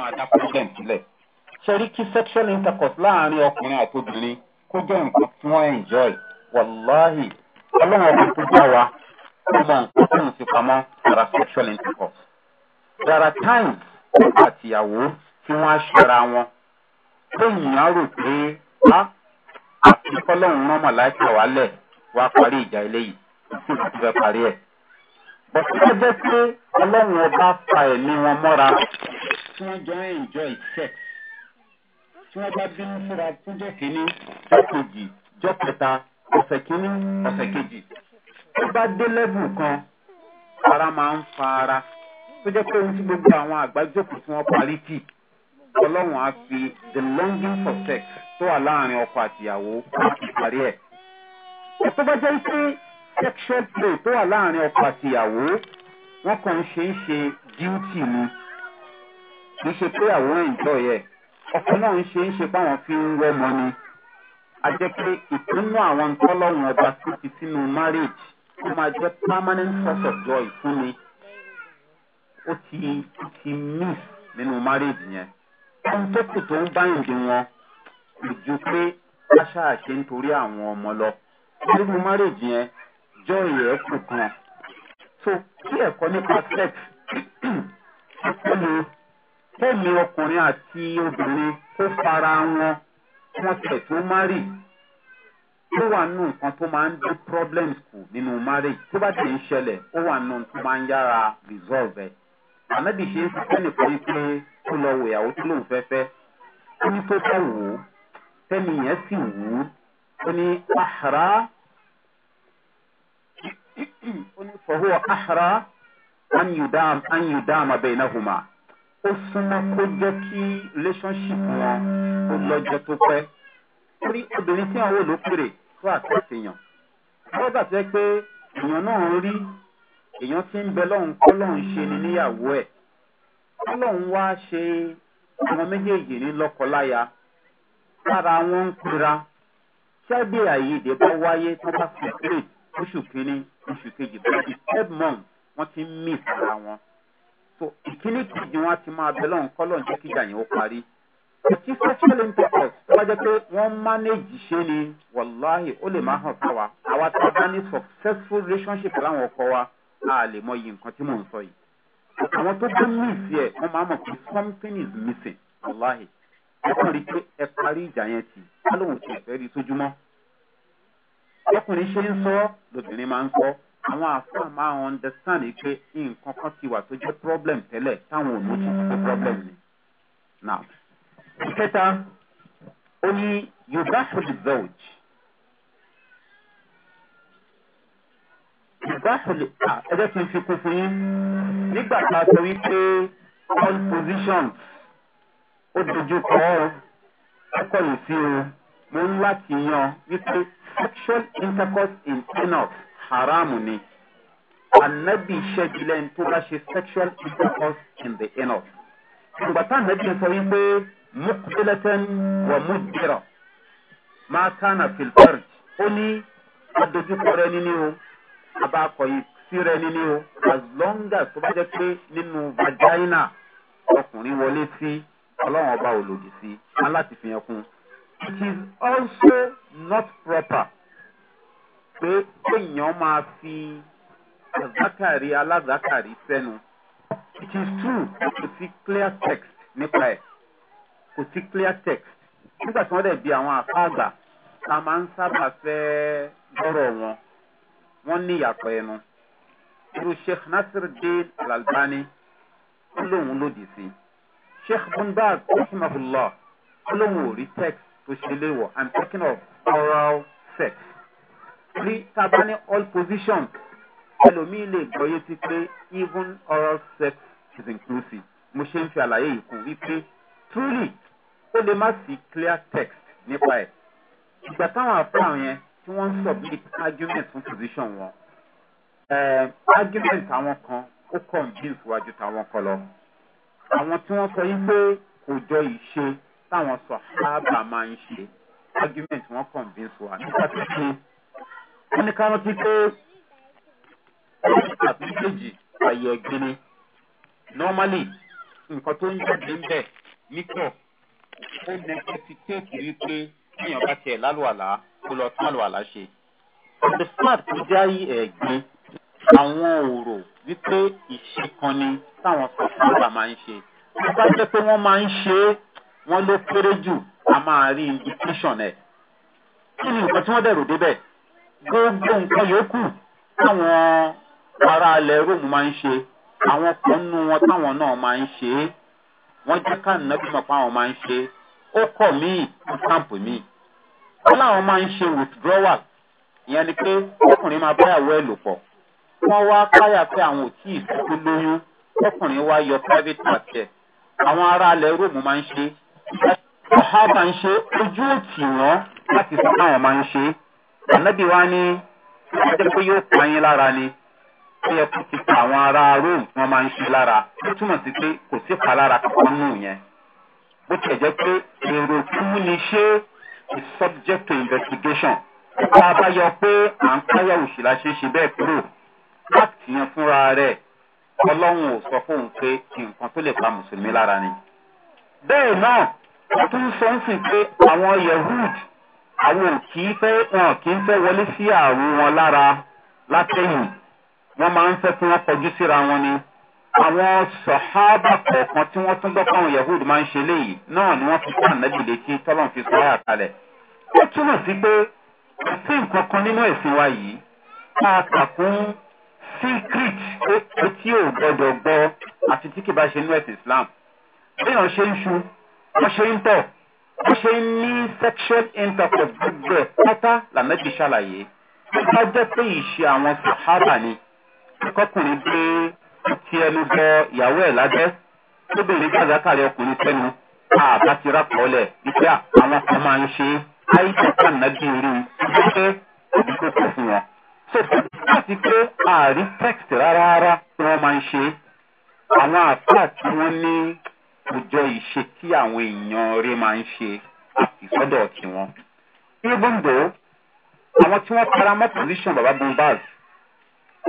máa dá problem sílẹ̀ ṣẹ́rí kí sexual intercourse láàrin ọkùnrin àti obìnrin kó jẹ́ nǹkan tí wọ́n enjoy wàláhì ọlọ́run ọkùnrin tó gbà wá ó mọ nǹkan tó ń fi pamọ́ ara sexual intercourse. there are times àtìyàwó tí wọ́n á ṣẹra wọn pé èèyàn rò pé á àti kọ́lọ́run rán màláìkà wálẹ̀ wá parí ìjà eléyìí kò sí ìgbà fẹ́ parí ẹ̀ bọ̀dọ̀ jẹ́ pé ọlọ́run ọba fa ẹ̀mí wọn mọ́ra tí wọ́n jọ ń enjoy sex tí wọ́n bá bínú síra fúnjọ́ kínní jọ́kejì jọ́kẹta ọ̀sẹ̀ kínní ọ̀sẹ̀ kejì tó bá dé lẹ́bù kan ara máa ń fa ara tó jẹ́ pé ohun tí gbogbo àwọn àgbájókòó tí wọ́n parí tì ọlọ́run á fi the longing for sex tó wà láàrin ọkọ àtìyàwó láti parí ẹ̀. ẹ̀ tó bá jẹ́ pé sexual play tó wà láàrin ọkọ àtìyàwó wọn kàn ń ṣe ń ṣe duty ni kì í ṣe pé àwòrán ìjọ yẹ ọkọ náà ń ṣe ń ṣe páwọn fi ń wọmọ ni a jẹ pé ìpinnu àwọn ntọ́lọ́run ọba tó ti sínú marriage ó máa jẹ permanent source of joy fún mi ó ti ó ti miss nínú marriage yẹn ohun tó kù tó ń báyìí wọn kò ju pé wọ́n ń torí àwọn ọmọ lọ nínú marriage yẹn joy ẹ̀ kù gan so kí ẹ̀kọ́ nípa sex kó lè kẹ́mi ọkùnrin àti obìnrin kó fara wọn wọn tẹ̀ tó márì ó wà nù nǹkan tó máa ń dé problems kù nínú marriage tó bá ti ń ṣẹlẹ̀ ó wà nù tó máa ń yára resolve ẹ̀. ànábì ṣe ń fi tẹ́nìkan yìí pé ó lọ wò ìyàwó tó lòun fẹ́fẹ́ ó ní tó bá wò ó tẹ́ni yẹn sì wò ó ó ní àhàrà ó ní fọwọ́ ahara anyudama bẹ́ẹ̀ náà hùmà ó súnmọ́ kó jẹ́ kí relationship wọn ó lọ́jọ́ tó pẹ́ torí obìnrin tí àwọn olókèrè tó àtẹ̀sẹ̀ yàn lọ́gbà tó yẹ pé èèyàn náà ń rí èèyàn ti ń bẹ lọ́hùn kọ́ lọ́hùn ṣe ni níyàwó ẹ̀ kọ́ lọ́hùn wá ṣe àwọn méjèèjì ní lọ́kọláya lára wọn ń pera ṣẹ́gbẹ́ àyèdè bá wáyé tó bá fi pé oṣù kínní oṣù kejì báyìí third month wọ́n ti ń mí ìsara wọn. so ìkíní kejì wọn ti máa bẹ lọ́hùn kọ́ lọ́hùn jẹ́ kí ìjà yẹn ó parí. ọtí sexual intercourse tó bá jẹ́ pé wọ́n manage ṣe ni wàláhì ó lè má hàn sáwa àwa tá a bá ní successful relationship láwọn ọkọ wa a lè mọ iye nǹkan tí mò ń sọ yìí. àwọn tó bá mí ìsì ẹ̀ wọ́n máa mọ̀ pé something is missing wàláhì. ẹ kàn rí i pé ẹ parí ìjà yẹn tì á ti ìfẹ́ rí sójúmọ́ ọkùnrin ṣe ń sọ lóbìnrin máa ń sọ àwọn àfáà máa ń understand pé nǹkan kan ti wà tó jẹ́ problem tẹ́lẹ̀ táwọn ò mójú tó problem ni. now ìkẹta ó ní yorùbá fúlù vẹ́ọ̀jì yorùbá fúlù ẹgbẹ́ tí n fi kún fún yín nígbà tá a sọ wípé all positions ó dojú kọ ọ́ ẹ kọ́ lè fi o mo ń láti yan wípé sexual intercourse in enough haram ni anabi ṣẹ́bilẹ̀ tó bá ṣe sexual intercourse in the enough. ìgbà tá anabi sọ wípé mukbilatan wa mudbira máa kánà filfarj ó ní adójúkọ rẹ níní o abakọ yìí sí rẹ níní o as long as tó bá jẹ pé nínú vagina ọkùnrin wọlé sí ọlọ́run ọba ò lòdì sí aláti fi yẹn kún un it is also not proper pé kéèyàn máa fi àzákàrí alázákàrí sẹ́nu it is true kò sí clear text nípa ẹ̀ kò sí clear text nígbà tí wọ́n dẹ̀ bi àwọn àfa àgbà ta máa ń sábà fẹ́ gbọ́rọ̀ wọn wọ́n ní ìyàpọ̀ ẹnu irú sheikh nasir deen alalbani ó lóun lòdì sí sheikh bunbaz rahimahullah ó lóun ò rí text tó i'm talking of oral sex. ní tábà all positions ẹlòmíì lè gbọ́yé sí pé even oral sex is inclusive mo ṣe ń fi àlàyé yìí kún wípé truly ó lè má sí clear text nípa ẹ̀ ìgbà táwọn àfáàn yẹn tí wọ́n ń submit argument fún position wọn eh, argument àwọn kan ó convince wájú táwọn kan lọ àwọn tí wọ́n sọ yí pé kò jọ ìṣe táwọn sọ̀hábà máa ń ṣe argument wọn convince wa nípa pípé wọn ní káwọn ti pé àti méjì àyè ẹ̀gbin ni normally nǹkan tó ń jáde ń bẹ̀ nítọ̀ ó nẹ́sẹ̀sítéètì wípé kéèyàn bá tiẹ̀ lálùwàlá kó lọ tún àlùwàlá ṣe. the smart tó já yí ẹ̀gbin àwọn òrò wípé ìṣe kan ni táwọn sọ̀rọ̀ máa ń ṣe. wọ́n bá jẹ́ pé wọ́n máa ń ṣe é wọ́n ló kéré jù a máa rí indication ẹ̀. kí ni nǹkan tí wọ́n dẹ̀rù débẹ̀ gbogbo nǹkan yòókù táwọn ará ilẹ̀ rome máa ń ṣe àwọn kan nú wọn táwọn náà máa ń ṣe é wọ́n jẹ́ ká nàbí mọ̀ pé àwọn máa ń ṣe é ó kọ̀ míì ó sáǹpù míì wọ́n láwọn máa ń ṣe withdrawal ìyẹn ni pé ọkùnrin máa báyàwó ẹ̀ lò pọ̀ wọ́n wá káyà pé àwọn ò tí ì fẹ́ lóyún ọkùnrin wá yọ private part ẹ̀ àwọn ará alẹ́ róòmù máa ń ṣe ọ̀hábà ń ṣe ojú òtì wọn láti sọ pé àwọn máa ń ṣe ànábì wa ní ọjọ́ pé yóò pa yín lára ni ó yẹ kó ti pa àwọn ará rome tí wọ́n máa ń ṣe lára ó túmọ̀ sí pé kò sí palára kankan nù yẹn bó tiẹ̀ jẹ́ pé èrò tó mú ni ṣe is subject to investigation tá a bá yọ pé à ń káyà òṣìlá ṣe ṣe bẹ́ẹ̀ kúrò láti yan fúnra rẹ̀ ọlọ́run ò sọ fóun pé nǹkan tó lè pa mùsùlùmí lára ni bẹ́ẹ̀ náà wọ́n tún sọ ń sìn pé àwọn yahood àwọn ò kì í fẹ́ wọn kì í fẹ́ wọlé sí àrùn wọn lára látẹ̀yìn wọ́n máa ń fẹ́ kí wọ́n kọjú síra wọn ni àwọn sọ̀hábà kọ̀ọ̀kan tí wọ́n tún gbọ́pọ̀ àwọn yahood máa ń ṣe léyìí náà ni wọ́n fi kọ́ ànábì létí tọ́lọ́n fi sọ ọ́ àkàlẹ̀ ó túmọ̀ sí pé kò sí nǹkan kan nínú ẹ̀sìn wa yìí tá a kà secret ó tí ò gbọdọ̀ gbọ́ àti tí kì bá ṣe nú ẹ̀sìn islam bí wọ́n ṣe ń ṣu bó ṣe ń tọ̀ ní sexual intercourse gbogbo ẹ̀ pátá lànàbí ṣàlàyé tó bá jẹ́ pé ìṣe àwọn sàhábà ni kọkùnrin gbé ti ẹnu bọ ìyàwó ẹ̀ lábẹ́ tóbìnrin gbàgbà kàrí ọkùnrin tẹnu àbá ti rà pọ̀lẹ̀ wípé àwọn kan máa ń ṣe àìsíkà nàbí orí wípé òbí kò kọ̀ fún wọn. so láti pé ààrí text rárá rárá tí wọ́n máa ń ṣe àwọn àfáà tí wọ́n ní tó ìṣe tí àwọn èèyàn rí máa ń ṣe ìsọ́dọ̀ tiwọn. even though àwọn tí wọ́n tara mọ́ position baba bombaz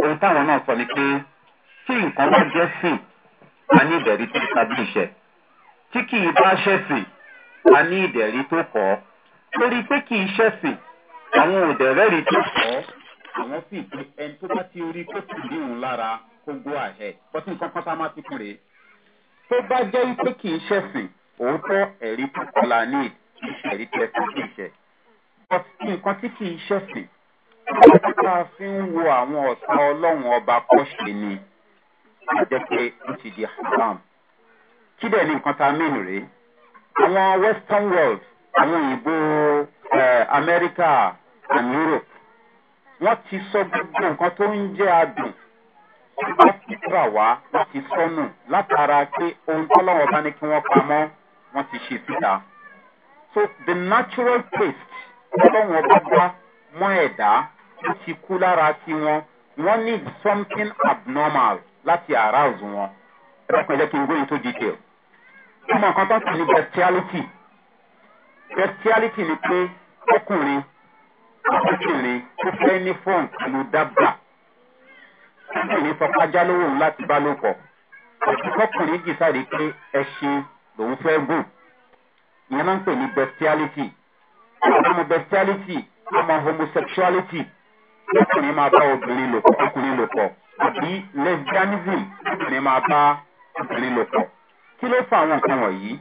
ohun táwọn náà sọ ni pé tí nǹkan bá jẹ́ sìn a ní ìdẹ̀rí tó establish ẹ̀ tí kì í bá ṣẹ̀sìn a ní ìdẹ̀rí tó kọ́ lórí pé kì í ṣẹ̀sìn àwọn òdẹ̀rẹ́rì tó kọ́ àwọn sì pé ẹni tó bá ti rí kó sì rí òun lára kó go ahead bọ́sí nǹkan kan tá a máa ti kún tó bá jẹ́ wípé kì í ṣẹ̀sìn òótọ́ ẹ̀rí tó kọlà ní ìṣẹ̀rí tẹ tó kì í ṣẹ. but nǹkan tí kì í ṣẹ̀sìn tó bá fi ń wo àwọn ọ̀sán ọlọ́run ọba kọ́ṣe ni àjẹ́ pé ó ti di haram. kí dẹ̀ ni nǹkan tá a mìíràn rèé àwọn western world àwọn òyìnbó amẹ́ríkà and europe wọ́n ti sọ gbogbo nǹkan tó ń jẹ́ adùn wá láti sọnù látara pé ohun tọ́lọ́wọ́ bá ní kí wọ́n pamọ́ wọ́n ti ṣe síta. so the natural taste tọ́lọ́wọ́ bá bá mọ́ ẹ̀dá tó ti kú lára tiwọn wọ́n need something abnormal láti arouse wọn. ẹ dákun ẹ kí n go into detail. ọmọ nǹkan tó ń tẹ̀lé bestiality bestiality ni pé ọkùnrin ọkùnrin tó fẹ́ ní fọ́ọ̀n pẹ̀lú dábàá síbẹ̀ ní sọpájá lówó òun láti bá ló pọ̀ ọkùnrin jì sáré pé ẹṣin lòun fẹ́ gùn ìyẹn máa ń pè ní bestiality ọmọ bestiality ọmọ homosexuality ọkùnrin máa bá obìnrin lò pọ̀ ọkùnrin lò pọ̀ àbí lesbianism ọkùnrin máa bá obìnrin lò pọ̀ kí ló fa àwọn nǹkan wọ̀nyí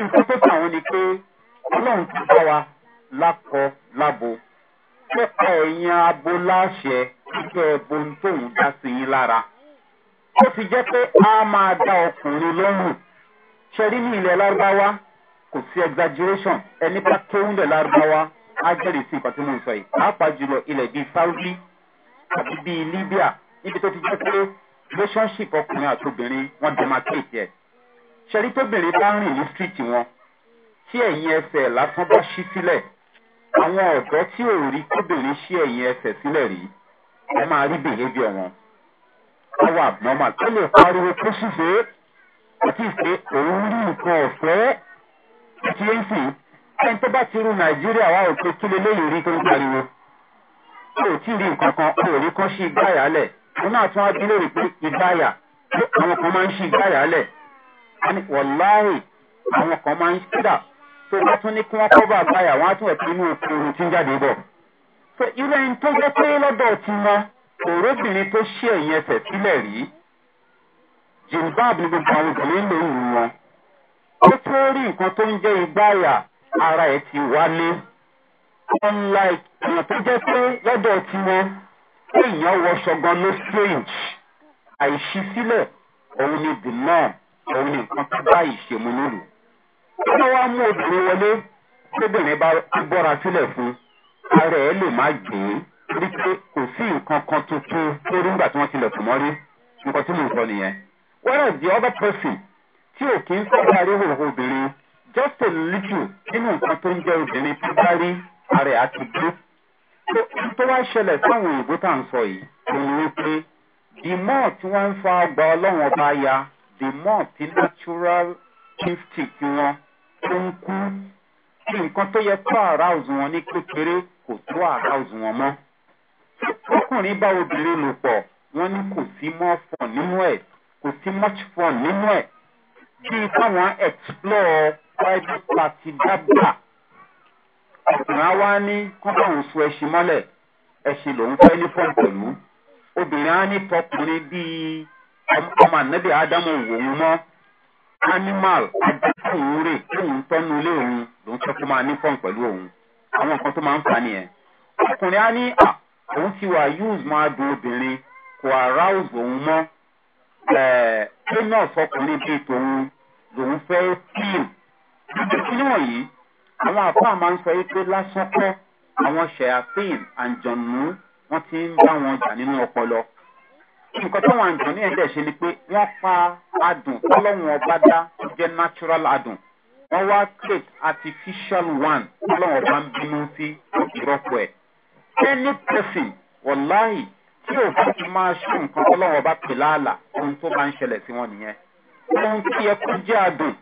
nǹkan tó fa àwọn ni pé ọlọ́run ti bá wa lákọ lábo ó kọ ẹ̀yìn abo láṣẹ kíkẹ́ ẹ̀bùn tóun dá sí yín lára. ó ti jẹ́ pé a máa dá ọkùnrin lọ́rùn. ṣẹ́rí ní ilẹ̀ lárúbáwá kò sí exaggeration ẹni bá kéwọ́n lẹ̀ lárúbáwá á jẹ́rìí sí nǹkan tí mo ń sọ yìí. pàápàá jùlọ ilẹ̀ bíi saudi àti bíi libya níbi tó ti jẹ́ pé relationship ọkùnrin àti obìnrin wọ́n demarcate ẹ̀. ṣẹ́rí tóbìnrin bá rìn ní street wọn tí ẹ̀yìn ẹsẹ̀ lásán bá ṣí sílẹ̀ àwọn ọ̀dọ́ tí ò rí kóbìnrin ṣí ẹ̀yìn ẹsẹ̀ sílẹ̀ rí ẹ máa rí bèlébì ẹ̀wọ̀n káwọ́ abnormal ó lè pariwo tó ṣìṣe àti ìṣe òun rí nǹkan ọ̀fẹ́ títí ń sìn ẹni tó bá ti ru nàìjíríà wá òkè kí leléyìí rí tó ń pariwo ó tí ì rí nǹkan kan ó rí kan ṣe ìgbáyà lẹ̀ òun náà tún á bí lórí pé ìgbáyà àwọn kan máa ń ṣe ìgbáyà lẹ̀ wọ̀láhì àwọn kan máa ń ṣídà tó bá tún ní kí wọ́n kọ́ bá àgbáyà wọ́n á tún ẹ̀ pé òkú ohun tí ń jáde bọ̀ so irú ẹni tó jẹ́ pé lọ́dọ̀ ti wọn òróbìnrin tó ṣí ẹ̀yìn ẹsẹ̀ sílẹ̀ rí jìnbáàb ni gbogbo àwọn obìnrin ló ń wọn ó tó rí nǹkan tó ń jẹ́ ìgbáyà ara ẹ̀ ti wálé unlike èèyàn tó jẹ́ pé lọ́dọ̀ ti wọn èèyàn wọṣọ gan ló strange àìṣí sílẹ̀ òun ni the norm òun ni nǹkan tó bá ìṣèmúlò rò. wọ́n wá mú obìnrin wọlé tóbìnrin bá bọ́ra sílẹ̀ fún un ara ẹ̀ lè má gbé torí pé kò sí nǹkan kan tuntun tó rí nígbà tí wọ́n ti lẹ̀kùn mọ́rí nǹkan tí mò ń sọ nìyẹn. whereas the other person tí ò kí ń sábà rí òhò obìnrin just a little nínú nǹkan tó ń jẹ́ obìnrin tó bá rí ara ẹ̀ á ti gbé. tó tó wá ṣẹlẹ̀ sáwọn òyìnbó tá à ń sọ yìí òun ni pé the more tí wọ́n ń fa ọgbà ọlọ́run ọba ya the more ti natural instinct wọn tó ń kú nǹkan tó yẹ kó arouse wọn ní kékeré. kò tó àga òsùn wọn mọ́. ọkùnrin bá obìnrin lò pọ̀ wọ́n ní kò sí mọ́ fọ̀ nínú ẹ̀ kò sí much fun nínú ẹ̀ bíi káwọn explore private party dábàá ọkùnrin á wá ní kọ́ńtàwọn sọ ẹṣin mọ́lẹ̀ ẹṣin lòun fẹ́ ní fọ́ọ̀n pẹ̀lú obìnrin á ní tọkùnrin bíi ọmọ ànábì ádámù òwòrán mọ́ animal adájọ́ òun rè tóun tọ́nu ilé òun lòun fẹ́ kó máa ní fọ́ọ̀n pẹ̀lú òun. àwọn nǹkan tó máa ń fà á nìyẹn ọkùnrin á ní à òun ti wà use máa dùn obìnrin kò arouse òun mọ́ pé náà sọkùnrin bíi tòun lòun fẹ́ fíìm níbi tí wọ̀nyí àwọn àfáà máa ń sọ yìí pé lásán kọ́ àwọn ṣẹ̀yàfíìn àǹjọ̀nù wọ́n ti ń bá wọn jà nínú ọpọlọ nǹkan táwọn àǹjọ̀nù yẹn dẹ̀ ṣe ni pé wọ́n pa adùn tọ́lọ́wọ́n ọba dá tó jẹ́ natural adùn wọ́n wá create artificial one ọlọ́wọ́n bá ń bínú sí ìrọ́pò ẹ̀. any person wọ̀láì tí ò bá ti máa ṣe nǹkan ọlọ́wọ́n bá pè láàlà ohun tó bá ń ṣẹlẹ̀ sí wọn nìyẹn. ohun tí ẹ kú jẹ́ àdùn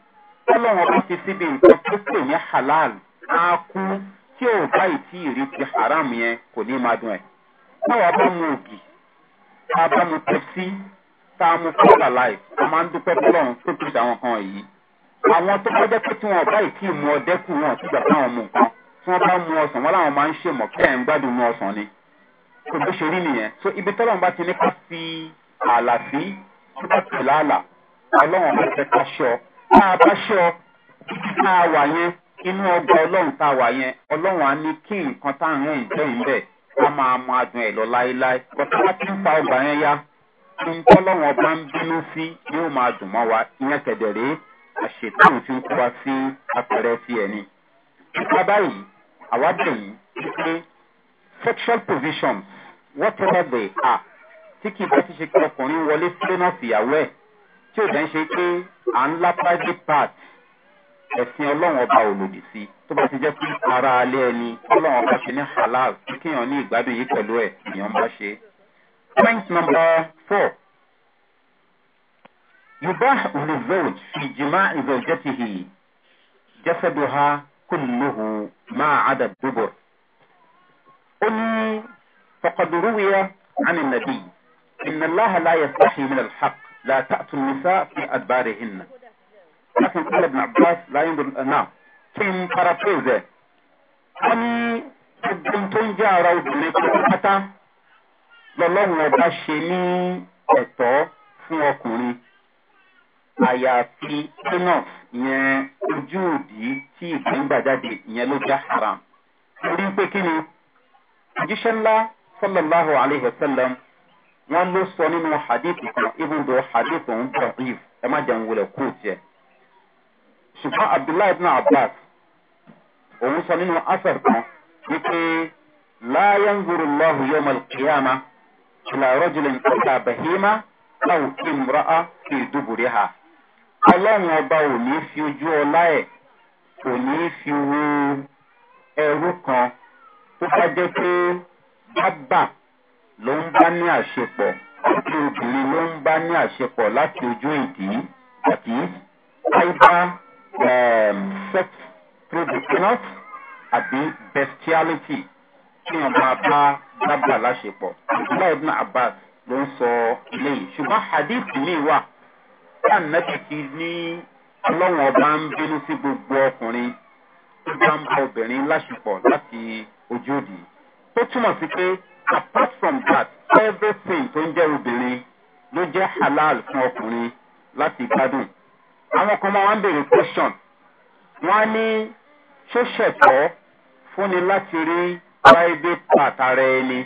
ọlọ́wọ́n bá ti síbi nǹkan tó pè ní halal á kú tí ò bá ìtí ìrí ti haram yẹn kò ní máa dùn ẹ̀. báwa bá mu ògì tá a bá mu pepsi tá a mu fọ́ọ̀lá láì a máa ń dúpẹ́ bọ́lọ́run tó ti dà wọn kan yìí àwọn tó kọjá pé tí wọn bá ì tí mu ọdẹkù wọn àti ìgbà táwọn mu nǹkan tí wọn bá mu ọsàn wọn làwọn máa ń ṣe mọ kí ẹ ń gbádùn mu ọsàn ni kò bó ṣe rí nìyẹn so ibi tọ́lọ́run bá ti ní ká fi ààlà sí tó bá tẹ̀ láàlà ọlọ́run bá fẹ́ ká ṣọ tá a bá ṣọ títí tá a wà yẹn inú ọgbà ọlọ́run tá a wà yẹn ọlọ́run á ní kí nǹkan tá à ń rìn jẹ́ ìbẹ̀ ká máa mọ adùn ẹ̀ lọ láéláé bọ́tá wá ti ń fa ọgbà yẹn yá nǹkan ọlọ́run ọba ń bínú ni ó máa dùn mọ́ wa ìyẹn kẹ̀dẹ̀ àṣetán fi ń kó wa sí apẹrẹ sí ẹni. nípa báyìí àwádìí yìí wípé sexual provisions whatever they are tí kì í bá ti ṣe pé ọkùnrin wọlé fúlẹ́nà fìyàwó ẹ̀ tí ò dẹ́ ń ṣe pé à ń lá private part ẹ̀sìn ọlọ́run ọba ò lòdì sí tó bá ti jẹ́ pé ara alẹ́ ẹni ọlọ́run ọba ṣe ní halal kíkéèyàn ní ìgbádùn yìí pẹ̀lú ẹ̀ èèyàn bá ṣe. point number four. يباح للزوج في جماع زوجته جسدها كله ما عدا الدبر أمي فقد روي عن النبي إن الله لا يستحي من الحق لا تأتوا النساء في أدبارهن لكن قال ابن عباس لا ينظر نعم كم فرافيزة أني روض جارو حتى لله وباشني أتو فوقوني àyàfi enough yẹn ojú òdì tí ìgbẹ́ ń gbà jáde ìyẹn ló já haram. torí pé kí ni òjíṣẹ́ ńlá sallallahu alayhi wa sallam wọ́n ló sọ nínú hadith kan even though hadith òun bọ̀ if ẹ má jẹun wọlé kú tiẹ̀. ṣùgbọ́n abdullahi ibn abbas òun sọ nínú asar kan wípé láyé gbúrú lọ́hù yóò mọ̀ kíyàmá ìlà rọ́jùlẹ̀ ń kọ́ta bẹ̀hímà láwùjọ ìmúra fi dùbùrẹ́ ha ọlọ́run ọba ò ní fi ojú ọlá ẹ̀ kò ní fi wo ẹrú kan tó bá jẹ́ pé bábà ló ń bá ní àṣepọ̀ àti obìnrin ló ń bá ní àṣepọ̀ láti ojú ìdí àti àìbá ehm, sex through àbí bestiality tí wọn máa bá bábà láṣepọ̀ abdullahi ibn abbas ló ń sọ léyìí ṣùgbọ́n hadith mi wà ànábì ti ní ọlọ́run ọba ń bínú sí gbogbo ọkùnrin tó bá ń bá obìnrin láṣepọ̀ láti ojú òdì tó túmọ̀ sí pé apart from that everything tó ń jẹ́ obìnrin ló jẹ́ halal fún ọkùnrin láti gbádùn àwọn kan máa ń béèrè question wọ́n á ní ṣó ṣẹ̀tọ́ fúnni láti rí private part ara ẹni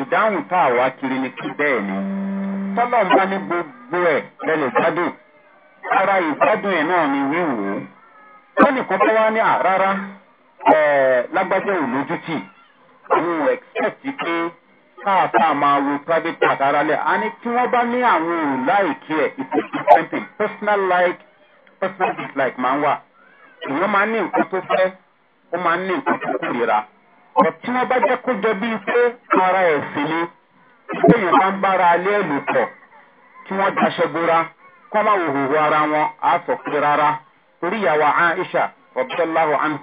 ìdáhùn tá a wá kiri ni kí bẹ́ẹ̀ ni tọ́lọ́mbá ní gbogbo. gbogbo e lẹ́nu ìgbádùn ara ìgbádùn ẹ̀ náà ni wíwò ó lọ́nì kan bá wá ní àrárá lágbájá ò àwọn ò pé káàkáà máa wo private part ara lẹ̀ á ní tí wọ́n bá ní àwọn ò láìkí ẹ̀ personal like personal dislike máa ń wà èèyàn máa ń ní nǹkan tó fẹ́ ó máa ń ní nǹkan tó kórìíra tí wọ́n bá jẹ́ kó bíi pé ara ẹ̀sìn ni tí èèyàn ń bára alẹ́ lò pọ̀ tí wọ́n daṣẹ́ bóra kọ́ máa wò hùwù ara wọn á sọ pé rárá torí ìyàwó aisha ọ̀bẹ́láwọ̀ àná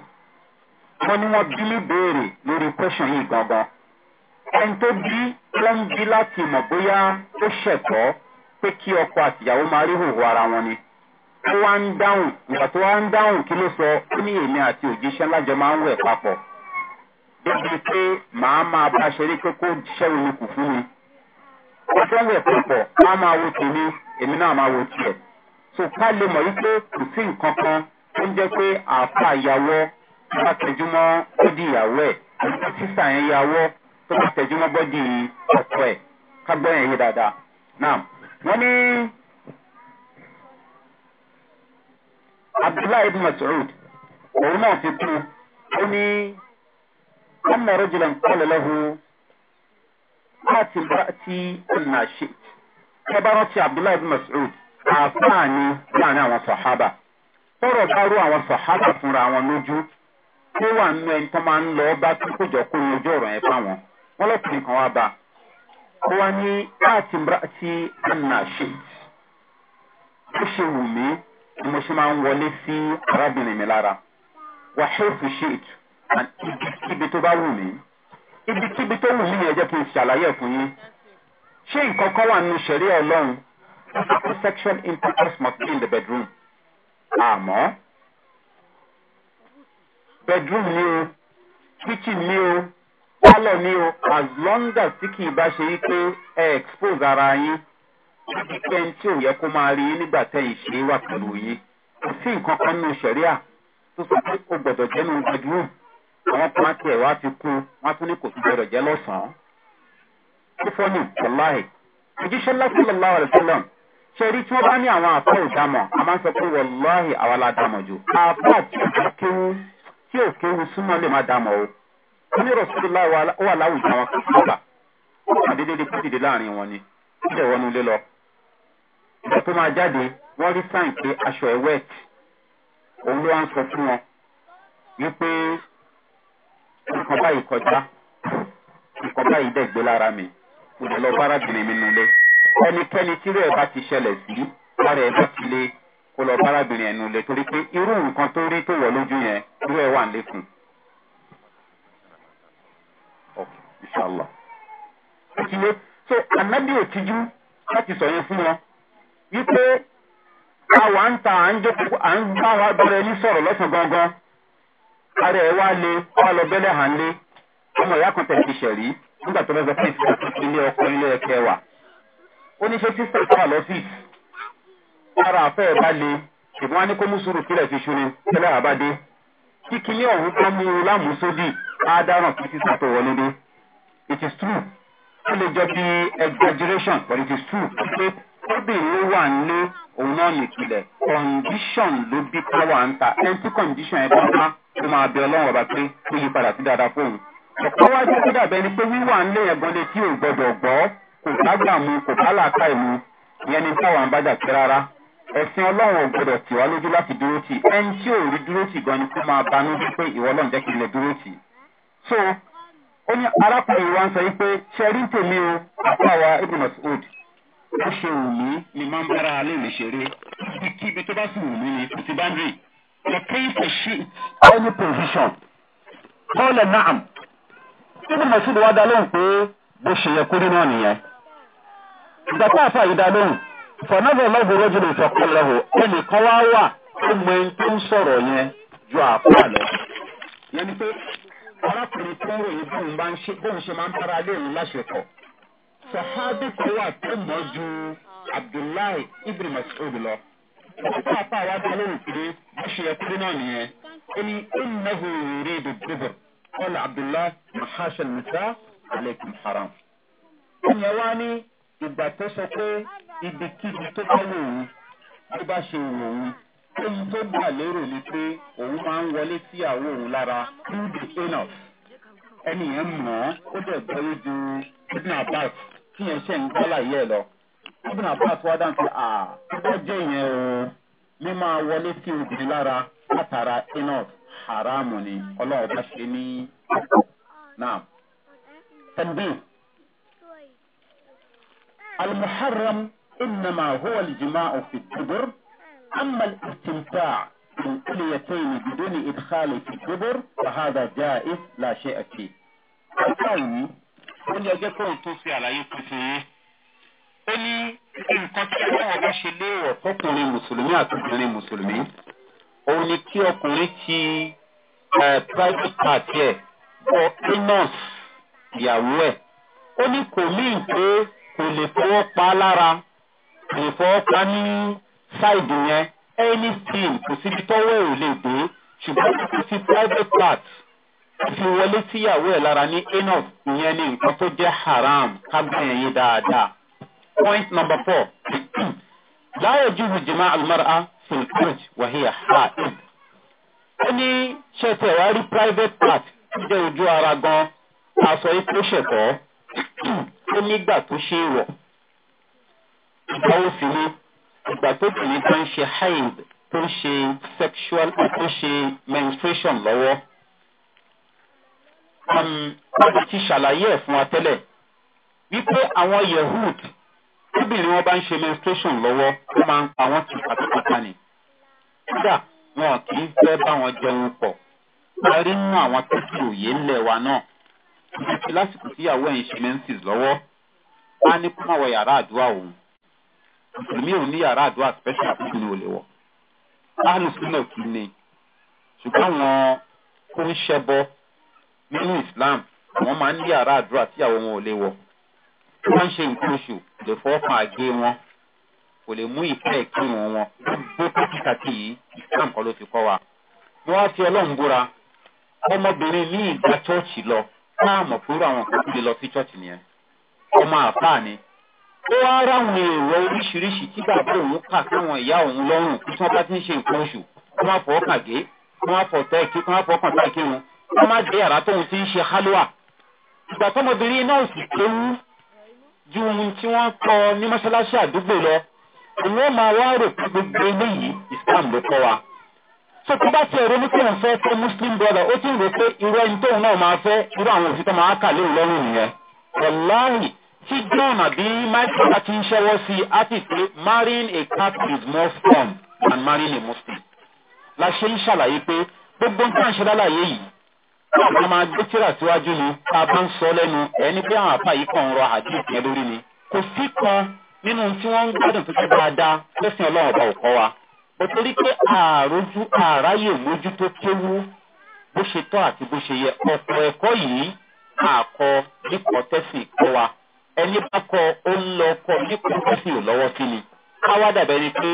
wọ́n ní wọ́n bí béèrè lórí yìí gangan ẹni tó bí wọ́n ń bí láti mọ̀ bóyá ó ṣẹ̀tọ́ pé kí ọkọ àtìyàwó máa rí ara wọn ni ó wá ń dáhùn ìgbà tó wá ń dáhùn kí ló sọ ó ní èmi àti òjíṣẹ́ ńlájọ máa ń wẹ̀ papọ̀ débi pé màá máa bá ọ̀sẹ̀wẹ̀ pọ̀pọ̀ á máa wo tèmi èmi náà máa wo tiẹ̀. so ká lè mọ̀ wípé kò sí nǹkan kan tó ń jẹ́ pé àáfà yàwọ́ tó bá tẹjúmọ́ ó di ìyàwó ẹ̀ àti sísà yẹn yàwọ́ tó bá tẹjúmọ́ bọ́dì ọkọ ẹ̀ ká gbọ́ yẹn dáadáa. now wọ́n ní abdullahi ibn masoud òun náà ti kú ó ní ọmọ rẹ̀ jùlọ ń kọ́ lẹ́lẹ́hu láti bá tí ìmọ̀ ṣe. Ẹ bá rántí Abdullahi bin Mas'ud, àáfàá ni láàrin àwọn sọ̀hábà. Fọ́rọ̀ bá rú àwọn sọ̀hábà fúnra wọn lójú. Ó wà nínú ẹni tó máa ń lọ bá tó kójọ kó ní ojú ọ̀rọ̀ yẹn fáwọn. Wọ́n lọ́kùnrin kan wá bá. Ó ní láti bá tí ìmọ̀ ṣe. Ó ṣe wù mí ni mo ṣe máa ń wọlé sí arábìnrin mi lára. Wàhálà fi ṣe ètò ibi tó bá wù mí ibikíbi tó wù mí yẹn jẹ́ kí n ṣàlàyé fún yín ṣé nǹkan kan wà nínú ṣẹ̀rí ọlọ́run tó sexual intercourse must be in the bedroom àmọ́ bedroom ni o kitchen ni o pálọ̀ ni o as long as tí kì í bá ṣe yí pé ẹ expose ara yín níbi pé ẹni tí ò yẹ kó máa rí yín nígbà tẹ́yìn ṣe é wà pẹ̀lú yín kò sí nǹkan kan nínú ṣẹ̀ríà tó sọ pé o gbọ́dọ̀ jẹ́ nínú bedroom àwọn pàákì ẹ̀ wá ti kú wọ́n tún ní kò tún gbọdọ̀ jẹ́ lọ́sàn-án. ó fọ́nù wàláhì òjíṣẹ́ lọ́sọ̀lọ́lá rẹ̀ sọ́lọ́m ṣe rí tí wọ́n bá ní àwọn àpá ìdámọ̀ a máa ń sọ pé wàláhì àwa la dámọ̀ jù. àpá tí ò kéwu súnmọ́ lè má dámọ̀ o. ó ní rọ̀ṣọ́lá wà láwùjọ àwọn kọ́kọ́ àdédédé kó láàrin wọn ni ilé wọnú lé lọ. ìgbà tó máa jáde wọ́n rí sáìn pé aṣọ ẹ̀ wẹ́ẹ̀tì òun ló wá ń sọ fún wọn wípé nǹkan báyìí kọjá nǹkan báyìí dẹ̀gbé lára mi mo lè lọ bárábìnrin mi nulẹ̀ ẹnikẹ́ni tí rẹ̀ bá ti ṣẹlẹ̀ sí lára ẹ̀ bá ti lé kó lọ bárábìnrin ẹnu lẹ̀ torí pé irú nǹkan tó rí tó wọ̀ lójú yẹn irú ẹ̀ wà ń lékun. inshallah. ó ti lé so anabi ò tijú láti sọ yẹn fún wọn wípé àwa ń ta à ń bá wa bẹ̀rẹ̀ ní sọ̀rọ̀ lọ́sàn-án gangan ara ẹ̀ wá lé wá lọ bẹ́lẹ̀ hàn lé ọmọ ìyá kan tẹ̀lé ti ṣẹ̀rí nígbà tó lọ́sọ pé ilé ọkọ ilé ẹ̀kẹ́ wà. ó ní ṣe sísè tó wà lọ́fíìsì ara àfẹ́ ẹ̀ bá le ṣùgbọ́n a ní kó mú sùúrù kílẹ̀ fi ṣu ni tẹ́lẹ̀ àbádé kí kinní ọ̀hún kan mú un lámùsódì á dáràn kí sísè tó wọlé dé. it is true ó lè jọ bí exaggeration but it is true pé obìnrin wà ní òun náà nìpìlẹ̀ condition ló bí káwà ń ta ẹni tí condition ẹ bá bá kó máa bẹ ọlọ́run ọba pé kó yí padà sí dáadáa fóun. ọ̀pọ̀ wá jẹ́ kó dàbẹ́ ni pé wíwà ń lé ẹ̀gbọ́n lé tí ò gbọdọ̀ gbọ́ kò ságbà mu kò bá làákà ìmu ìyẹn ni táwọn ń bájà pé rárá. ẹ̀sìn ọlọ́run ò gbọdọ̀ tì wá lójú láti dúró tì ẹni tí ò rí dúró tì gan ni kó máa banú bí pé ìwọ ọlọ́run jẹ́ kí ilẹ̀ dúró tì. so ó ní arákùnrin wa ń sọ pé ṣẹ́rí ń tèmi o àtàwà ibn masud ó ṣe wù mí ni máa ń bára alẹ́ ìlẹ̀ṣẹ̀rẹ́ The وكيف شئت any position قال نعم ibùdó mọ̀sídìí wá dá lóhùn pé bó ṣe yẹ kúrú náà nìyẹn ìgbà tó àfa ìdá lóhùn fọnàbọ̀ lọ́gbọ̀ lójú lè fọkàn lọ́wọ́ ẹnìkan wá wà ó mọ ẹni tó ń sọ̀rọ̀ yẹn ju àpá lọ. yẹn ni pé arákùnrin tó ń ròyìn bóun bá ń ṣe bóun ṣe máa ń bára lé òun láṣepọ̀ sàhábì kan wà tó mọ̀ ju abdullahi ibrahim masoud lọ ọ̀pọ̀ àpá wa dá lóhùn pé bá ṣe ẹkú náà nìyẹn ó ní ìnáwó rí ìdòdòbò ọ̀là abdullah mahashan musa aleikum haram. ìyẹn wá ní ìgbà tó sọ pé ibikíbi tó bá wò ó bó bá ṣe wò ó ohun tó gbà lérò ni pé òun máa ń wọlé sí àwọn òun lára through the anus ẹnìyẹn mọ̀ ó dẹ̀ gbọ́ yóò ju ibn abbas tíyẹn ṣe ń gbọ́ láyé ẹ̀ lọ. ibn abbas wá dáhùn pé à bó jẹ́ yẹn o mi máa wọlé sí obìnrin lára látara inov ni ọlọ́run bá ṣe ní المحرم إنما هو الجماع في الدبر أما الاستمتاع بالكليتين بدون إدخال في الدبر فهذا جائز لا شيء فيه. الثاني أن يجب أن توصي على يكفيه ó ní nǹkan tí ọlọ́wọ́ bá ṣe léèwọ̀ fọkùnrin mùsùlùmí àti obìnrin mùsùlùmí òun ni kí ọkùnrin ti private part ẹ̀ bọ anus ìyàwó ẹ̀ ó ní kò míì pé kò lè fọwọ́ pa á lára kò lè fọwọ́ pa ní ṣáìdì yẹn anything kò síbi tọ́wọ́ ẹ̀ ò lè dé ṣùgbọ́n kò sí private part fi wọlé síyàwó ẹ̀ lára ní anus ìyẹn ní nǹkan tó jẹ́ haram ká gbẹ̀yìn dáadáa point number four لا يجوز jìmá المرأة في wàhíyà وهي ó ní ṣètò ẹ̀wá private part tó jẹ́ ojú ara gan aṣọ ikú ṣẹ̀tọ́ ó nígbà tó ṣe é wọ̀ ìgbàwó sì ni ìgbà tó bìnrin tó ń ṣe haid tó ṣe sexual tó ṣe menstruation lọ́wọ́ um, wọ́n ti ṣàlàyé ẹ̀ fún wa tẹ́lẹ̀ wípé àwọn yehud tóbìnrin wọn bá ń ṣe menstruation lọ́wọ́ ó máa ń pa wọ́n ti pátápátá ni. kódà wọn kì í fẹ́ bá wọn jẹun pọ̀ a rí nínú àwọn tó fi òye ńlẹ̀ wa náà títí lásìkò tíyàwó ẹ̀ ń ṣe menses lọ́wọ́ á ní kó má wọ yàrá àdúrà òun mùsùlùmí òun ní yàrá àdúrà special fún mi ò lè wọ̀ alùsùnà kì í ni ṣùgbọ́n àwọn kó ń ṣẹbọ nínú islam àwọn máa ń ní yàrá àdúrà tíyàwó wọn ò lè wọ̀ tí wọ́n ń ṣe nǹkan oṣù lè fọ́ọ̀kan àgé wọn kò lè mú ìfẹ́ ìkírun wọn gbogbo pátákì yìí ìfẹ́ nǹkan ló fi kọ́ wa. wọ́n á fi ọlọ́run búra ọmọbìnrin ní ìgbà chọ́ọ̀chì lọ láàmọ̀ pẹ̀lú àwọn kan tó lè lọ sí chọ́ọ̀chì nìyẹn ọmọ àfáà ni ó wá ráwọn èrò oríṣiríṣi tí bàbá òun kà káwọn ìyá òun lọ́rùn tí wọ́n bá ti ń ṣe nǹkan oṣù kí wọ́n fọ́ kàgé kí wọ́n fọ́ tẹ́ kí wọ́n fọ́ kàn tẹ́ kírun kí wọ́n má dé yàrá tóun ti ń ṣe hálùwà. ìgbà tọmọbìnrin náà sì kéwú ju ohun tí wọ́n kọ ní mọ́ṣáláṣí àdúgbò lọ èmi ó máa wá rò pé gbogbo eléyìí islam ló kọ́ wa. so tó bá ti ẹ̀rọ nípò ń fẹ́ muslim brother ó ti ń rò pé irú ẹni tóun náà máa fẹ́ irú àwọn òfin tó máa kà léwu lọ́rùn nìyẹn. ọ̀láhì tí john àbí michael bá ti ń ṣẹ́wọ́ sí i á ti pé marrying a catholic is more fun than marrying a muslim. la ṣe ń ṣàlàyé pé gbogbo nǹkan ṣe lálàyé yìí náà bá máa gbé tíra síwájú ni tá a bá ń sọ lẹ́nu ẹni pé àwọn àpá yìí kàn ń rọ àdìsí yẹn lórí ni. kò sí kan nínú tí wọ́n ń gbádùn tó ti dáadáa lẹ́sìn ọlọ́run ọba òkọ́ wa. o torí pé àròjú àráyè mójútó kéwú bó ṣe tọ́ àti bó ṣe yẹ ọ̀pọ̀ ẹ̀kọ́ yìí àkọ nípa tẹ́sí kọ́ wa. ẹni bá kọ ó ń lọ kọ nípa tẹ́sí ò lọ́wọ́ sí ni. káwá dàbẹ́ ni pé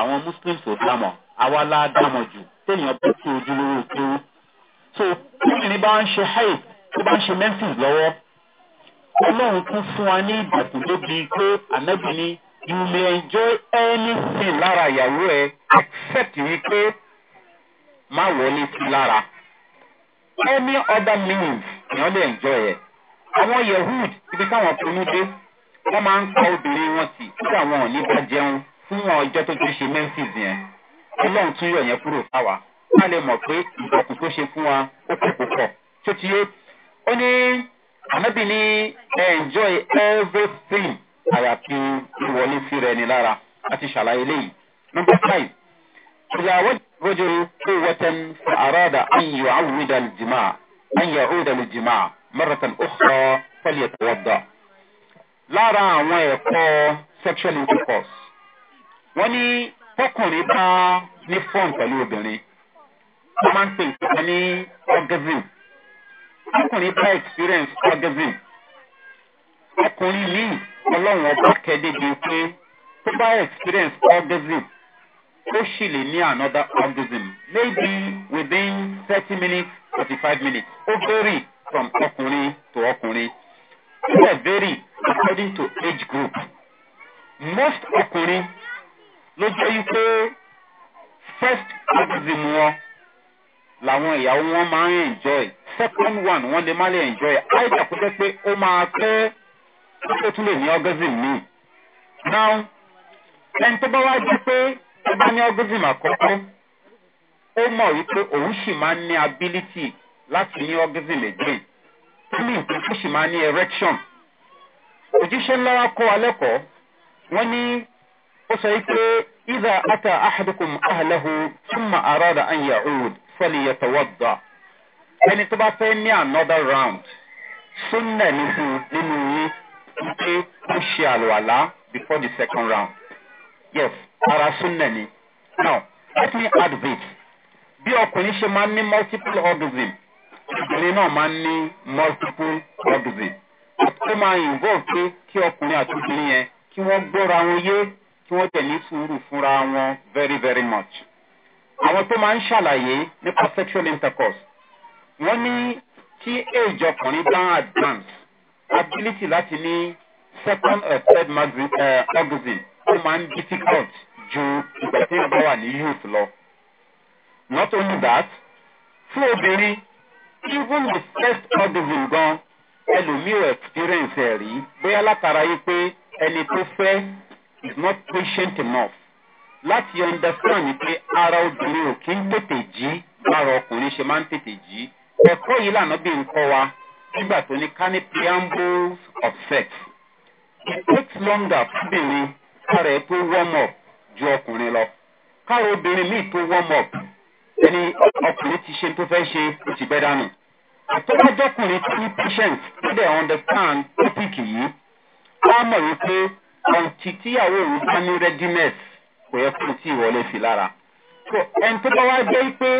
àwọn muslims ò dámọ̀ so obìnrin bá ń ṣe haid tó bá ń ṣe menses lọ́wọ́ ọlọ́run tún fún wa ní ìdàkùn débi pé ànábì ni you may enjoy anything lára ìyàwó ẹ except wípé má wọlé sí lára any other means ni wọ́n lè enjoy ẹ àwọn yehud ibi táwọn pinnu dé wọ́n máa ń kọ́ obìnrin wọn sí kí àwọn ò ní bá jẹun fún ọjọ́ tó ti ṣe menses yẹn ọlọ́run tún yọ̀ yẹn kúrò fáwa ká lè mọ̀ pé ìdọ̀kùn tó ṣe fún wa ó pọ̀ púpọ̀ tó ti yé ó ní ànábì ní enjoy everything àyàfi ìwọlé fira ẹni lára láti ṣàlàyé léyìí. number five ìlà wọ́jọ́ tó wọ́tẹ́n fún àràdà ayò àwùjọ àlùjìmá ayò àwùjọ àlùjìmá mẹ́rẹ̀tàn òkúrọ̀ fẹ́lẹ̀ tọ́wọ́dọ̀. lára àwọn ẹ̀kọ́ sexual intercourse wọ́n ní tọkùnrin bá ní fọ́ọ̀n pẹ̀lú obìnrin a máa ń pè nǹkan ní orgasm ọkùnrin bá experience orgasm ọkùnrin yìí ọlọ́run ọba kẹ́dẹ́gbẹ́ pé tó bá experience orgasm ó sì lè ní another orgasm maybe within thirty minutes forty five minutes ó vary from ọkùnrin to ọkùnrin ó dẹ̀ vary according to age group most ọkùnrin ló jẹ́ wípé first orgasm wọn làwọn ìyàwó wọn máa ń enjoy second one wọn lè má lè enjoy either kó jẹ́ pé ó máa pẹ́ ó tó tún lè ní orgasm míì. now ẹni tó bá wá jẹ́ pé ó bá ní orgasm àkọ́kọ́ ó mọ̀ wípé òun sì máa ń ní ability láti ní orgasm again tó ní nǹkan tó sì máa ní erection ojúṣe ńlá wa kọ́ alẹ́ kọ́ wọ́n ní ó sọ wípé ìdá ata ahadukum ahalahu túmọ̀ àrọ́dà ànyà òòdù fẹ́liyẹtọ̀wọ́dà ẹni tó bá fẹ́ ní another round súnà ní fún nínú yín pé ó ṣe àlùwàlá before the second round yes ara súnà ni now let me add this bí ọkùnrin ṣe máa ń ní multiple orgasm obìnrin náà máa ń ní multiple orgasm ó máa involve pé kí ọkùnrin àti obìnrin yẹn kí wọ́n gbọ́ra wọn yé kí wọ́n tẹ̀ ní sùúrù fúnra wọn very very much àwọn tó máa ń ṣàlàyé nípa sexual intercourse wọ́n ní tí age ọkùnrin bá advance ability láti ní second or third eh, magazine ó máa ń difficult ju ìgbà tí wọ́n bá wà ní youth lọ. not only that fún obìnrin even the first magazine gan ẹlòmíì ò experience ẹ̀ rí bóyá látara yìí pé ẹni tó fẹ́ is not patient enough láti understand ni pé ara obìnrin ò kí ń tètè jí lára ọkùnrin ṣe máa ń tètè jí ẹ̀kọ́ yìí lànà bí ń kọ́ wa nígbà tó ní ká ní preambles of sex it takes longer fúnbìnrin kára ẹ tó warm up ju ọkùnrin lọ kára obìnrin míì tó warm up ẹni ọkùnrin ti ṣe tó fẹ́ ṣe ó ti bẹ́ dànù àtọ́wájọ́kùnrin tí patient tó dẹ̀ understand topic yìí wọ́n mọ̀ wípé ọ̀ǹtí tíyàwó òun bá ní readiness kò yẹ kó tí ìwọlé fi lára. so jẹ́ pé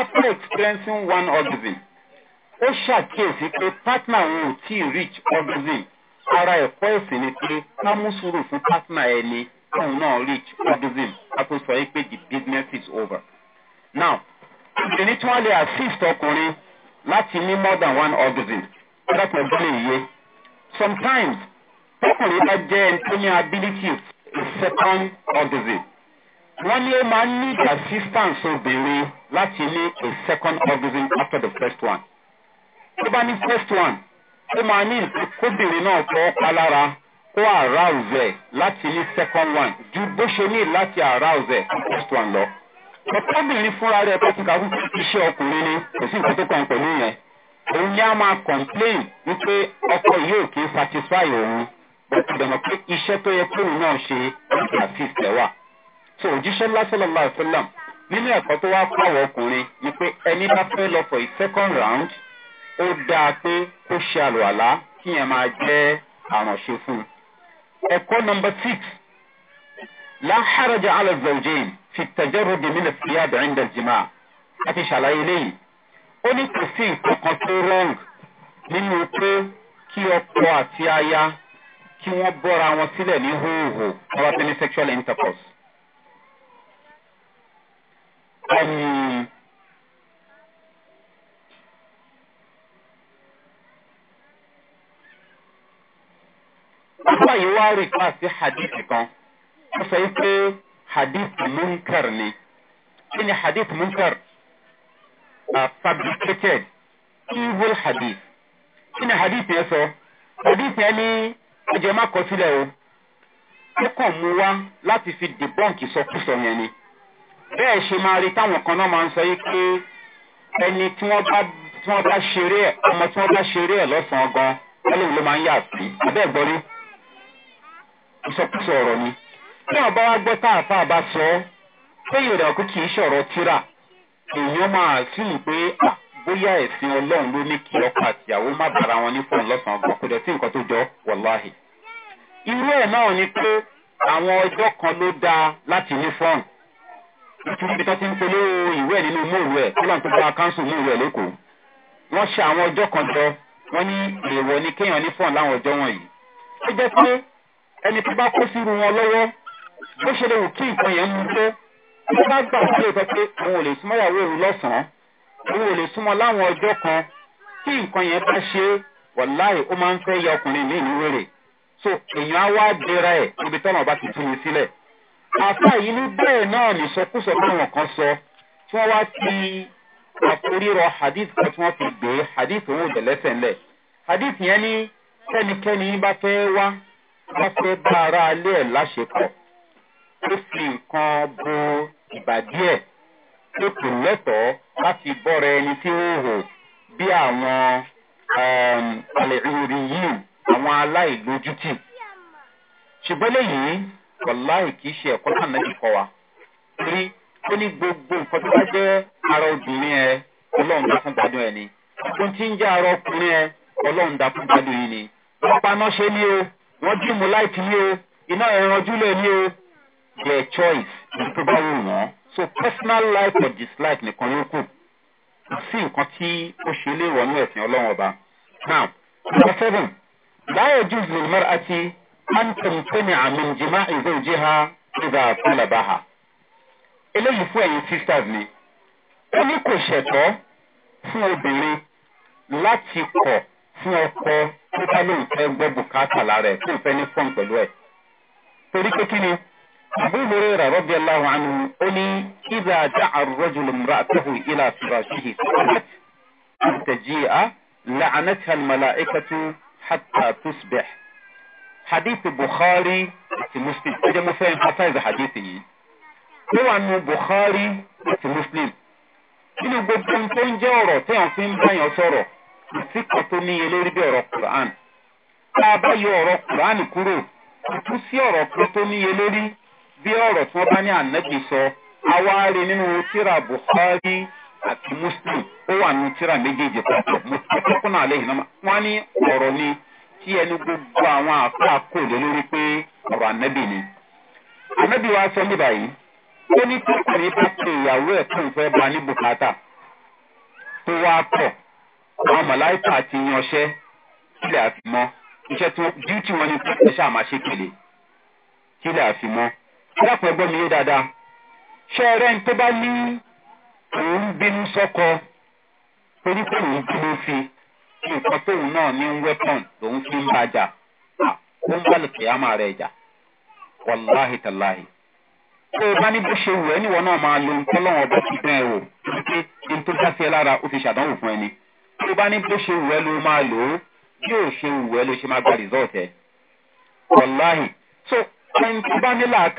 after experiencing one orgasm ó ṣàkíyèsí pé partner òun ò tí ì reach orgasm ara ẹ̀kọ́ ẹ̀sìn ni pé ká mú fún partner ẹni tóun náà reach orgasm a tó sọ pé the business is over. now obìnrin tí wọ́n lè assist ọkùnrin láti ní more than one orgasm ọ̀dọ́pọ̀ gbọ́dọ̀ yé sometimes tọkùnrin bá jẹ́ ẹni tó ní abilities a second orgasm. Wọ́n ní ó máa ń need assistance obìnrin láti ní a second orgasm after the first one. Tó bá ní first one, ó máa ní kóbìnrin náà fọ́ palára kó arouse ẹ̀ láti ní second one ju bó ṣe ní láti arouse ẹ̀ first one lọ. Ọ̀pọ̀bìnrin fúnra rẹ̀ bá ti kà fún iṣẹ́ ọkùnrin ni kò sí nǹkan tó kàn pẹ̀lú yẹn. Òun ni a máa complain wípé ọkọ yìí ò kí ń satisfy òun bẹ́ẹ̀ dàmọ̀ pé iṣẹ́ tó yẹ kóun náà ṣe ọ̀gá fífi ẹ̀ wà. so òjíṣẹ́ lásìlọ́ máa fẹ́ làm nínú ẹ̀kọ́ tó wá pàwọ̀ ọkùnrin ni pé ẹni bá fẹ́ lọ for a second round ó dáa pé kó ṣe àlùwàlá kí yẹn máa jẹ́ àrànṣe fún un. ẹ̀kọ́ nọmba six láhàrájà alazọ̀jìn fi tẹ̀jẹ́rù dèmínà fìyà bẹ̀rẹ̀ ndẹ̀jìmá àti ṣàlàyé léyìí. ó ní kò sí nǹkan kan tó wrong nínú pé kí ọkọ àti aya kí wọ́n bọ́ra wọn sílẹ̀ ní hóhò ọba tó ní sexual intercourse. Bàbá yìí wá rí kíláàsì hadith kan. Ó sọ yìí pé hadith munkar ni. Kí ni hadith munkar? Uh, fabricated evil hadith. Kí ni hadith yẹn sọ? Hadith yẹn ni ẹjẹ má kọ sílẹ̀ o ó kàn mú wá láti fi debunk ìsọkúsọ yẹn ni bẹ́ẹ̀ ṣe máa rí táwọn kan náà máa ń sọ yìí pé ẹni tí wọ́n bá tí wọ́n bá ṣeré ẹ̀ ọmọ tí wọ́n bá ṣeré ẹ̀ lọ́sàn-án gan ẹlòmí ló máa ń yà sí abẹ́ẹ̀ gbọ́ rí ìsọkúsọ ọ̀rọ̀ ni bí wọ́n bá wá gbọ́ táàfà bá sọ ọ́ pé ìrẹ̀ ọ̀kú kì í ṣọ̀rọ̀ tíra èèyàn máa sílù pé à ah, bóyá ẹ̀sìn ọlọ́run ló ní kí ọkọ àtìyàwó má bára wọn ní fóònù lọ́sàn-án gan kó dẹ̀ sí nǹkan tó jọ wọ̀láhì. irú ẹ̀ náà ni pé àwọn ọjọ́ kan ló dáa láti ní fóònù nítorí ibi tó ti ń polówó ìwé ẹ̀ nínú móòlù ẹ̀ kí lóun tó bá káńsù móòlù ẹ̀ lẹ́kọ̀ọ́ wọ́n ṣe àwọn ọjọ́ kan jọ wọ́n ní èèwọ̀ ni kéèyàn ní fóònù láwọn ọjọ́ wọ̀nyí. ó jẹ́ pé ẹni tó bá kó sírú wọn lọ́wọ́ bó ṣe lè wù kí nǹkan yẹn mú tó òun ò lè fún wọn láwọn ọjọ́ kan tí nǹkan yẹn bá ṣe wàláì ó máa ń fẹ́ ya ọkùnrin míì ní wèrè so èèyàn á wá gbéra ẹ̀ níbi tọ́nà ọba ti túnmi sílẹ̀ àfa yìí ní bẹ́ẹ̀ náà nìṣọkúsọ báwọn kan sọ tí wọ́n wá ti àforírọ hadith kan tí wọ́n fi gbé hadith òun ò dẹ̀lẹ́sẹ̀ ńlẹ̀ hadith yẹn ní kẹ́nikẹ́ni bá fẹ́ wá wọ́n fẹ́ bá ara alẹ́ ẹ̀ láṣepọ̀ ó fi nǹkan bo ìbàdí ẹ̀ pé kò láti bọ́ra ẹni tí ó hò bí àwọn alẹ́rìnrìn um, yìí àwọn aláìlójútì. ṣùgbọ́n lẹ́yìn wàláì kìí ṣe ẹ̀kọ́ náà náà wa. gbogbo nǹkan tó jẹ́ ara obìnrin ẹ ọlọ́run dá fún gbádùn ẹ ara ọkùnrin ẹ ọlọ́run dá fún yìí ni. o wọ́n láìpì ni o iná ẹ̀rọ ni o. their choice tó bá wù so personal like or dislike nìkan ló kù sí nǹkan tí ó ṣe lè wọnú ẹ̀sìn ọlọ́run ọba. now number seven láyé jùlọ lè mọ́ra àti antomtoni àmìjìmá ìzó ìjì ha ìzà àtúnlẹ̀bá ha. eléyìí fún ẹ̀yin sisters ni ó ní kò ṣẹ̀tọ́ fún obìnrin láti kọ̀ fún ọkọ tó bá lóun fẹ́ gbọ́ bùkátà lára ẹ̀ tó ń fẹ́ ní fọ́n pẹ̀lú ẹ̀ torí pé kí ni. Abu Hurairah radiyallahu anhu ó ní idha da'a ar-rajulu imra'atahu ila firashihi faqalat taji'a la'anatha al-mala'ikatu hatta tusbih. Hadithi Bukhari àti Muslim ó jẹ́ mo fẹ́ emphasize hadithi yìí. Ó wà nù Bukhari àti Muslim. Nínú gbogbo tó ń jẹ́ ọ̀rọ̀ tí wọ́n fi ń báyàn sọ̀rọ̀ àti kan tó níye lórí bí ọ̀rọ̀ Qur'an. Tá a bá yọ ọ̀rọ̀ Qur'an kúrò, àtúnṣí ọ̀rọ̀ kan tó níye lórí bí ọ̀rọ̀ tí wọ́n bá ní ànágbè sọ awáre nínú tíra buhari àti muslim ó wà nínú tíra méjèèjì papọ̀ mùsùlùmí náà lẹ́yìn náà wọ́n ní ọ̀rọ̀ ni tí ẹnu gbogbo àwọn àfáà kò lé lórí pé ọ̀rọ̀ ànábì ni. ànábì wa sọ níbà yìí ó ní kókòrò bá pe ìyàwó ẹ̀ tó ń fẹ́ ba ní bùkátà tó wá pọ̀ àwọn màláìkà ti yanṣẹ́ kílẹ̀ àfimọ́ iṣẹ́ tó díútì wọn ni pé ẹ kèlè kílẹ̀ àfimọ́ alápẹ̀ gbọ́ mi yé dáadáa ṣé ẹrẹ́ ń tó bá ní òun bínú sọ́kọ torí pé òun bínú sí nǹkan tóun náà ní wẹ́pọ̀n lòun fi ń bàjà ó ń bá lòkè àmà rẹ̀ jà wàláhì tàláhì. tó o bá ní bó ṣe wù ẹ́ níwọ̀n náà máa lo nǹkan lọ́wọ́ ọba ti dán ẹ wò pé n tó dá sí ẹ lára ó fi ṣàdánwò fún ẹni. tó o bá ní bó ṣe wù ẹ́ ló máa lò ó bí ò ṣe wù ẹ́ ló ṣe máa gba rìsọ́ọ̀tì ẹ. wàláhì tó ẹni tó bá ní làákà.